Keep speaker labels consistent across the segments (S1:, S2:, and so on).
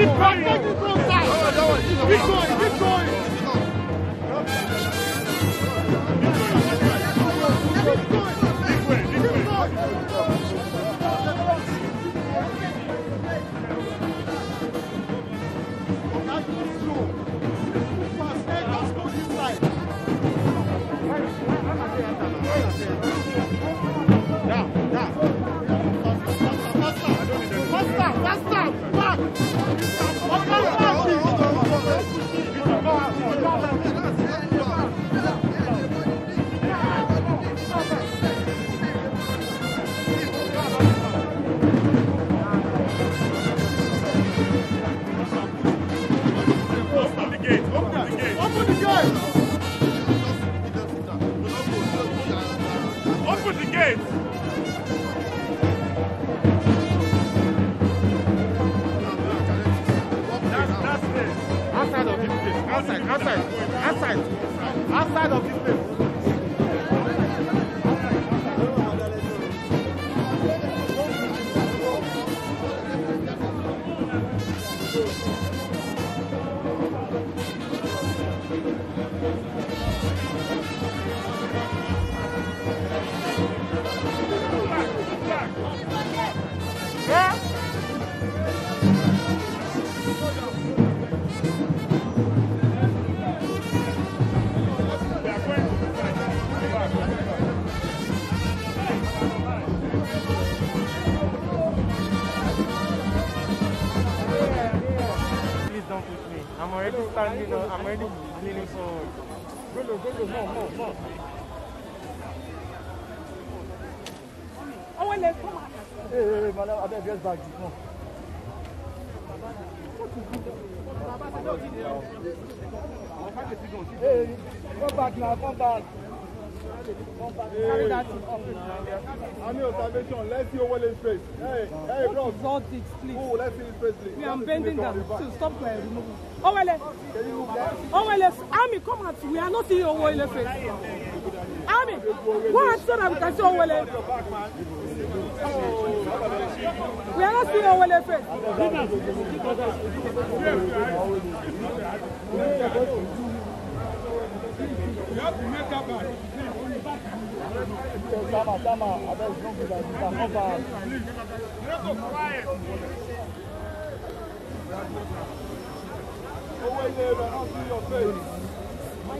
S1: Me põe! Me põe! outside, outside, outside, outside of this place.
S2: I'm already standing up. I'm already
S1: leaning forward. Go, go, go, more, more, more. Oh, well, come on. Hey, hey, hey, madam, I better dress back. Come on. Hey, come back now, come back carry that Army of let's see your wallet face. Hey, hey, bro. Exalt it, please. Oh, let's see his face, please. We are bending down. So stop uh, removing. Owole. Owole, Army, come out. We are not seeing your wallet face. Army, go out so that we can see Owole. We are not seeing your wallet face. You have to make up, man. Tama, Tama, I bet it's not good. I'm over.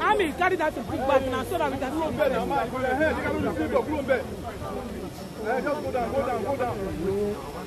S1: Ami, carry that to big back now so that we can see. Hey, you can only see blue bed. Just go down, go down, go down.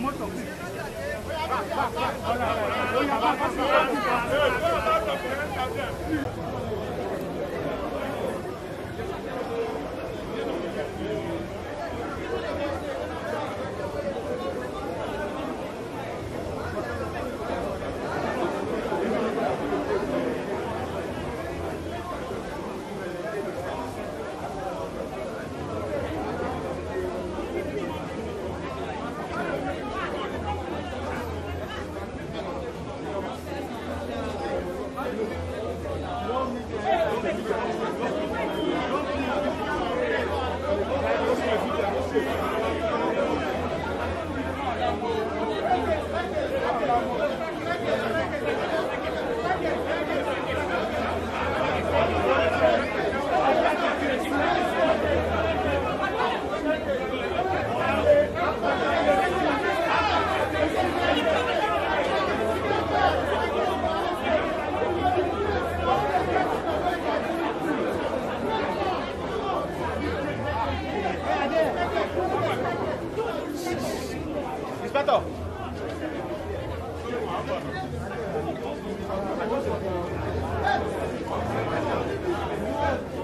S1: mọ́tò. Thank you.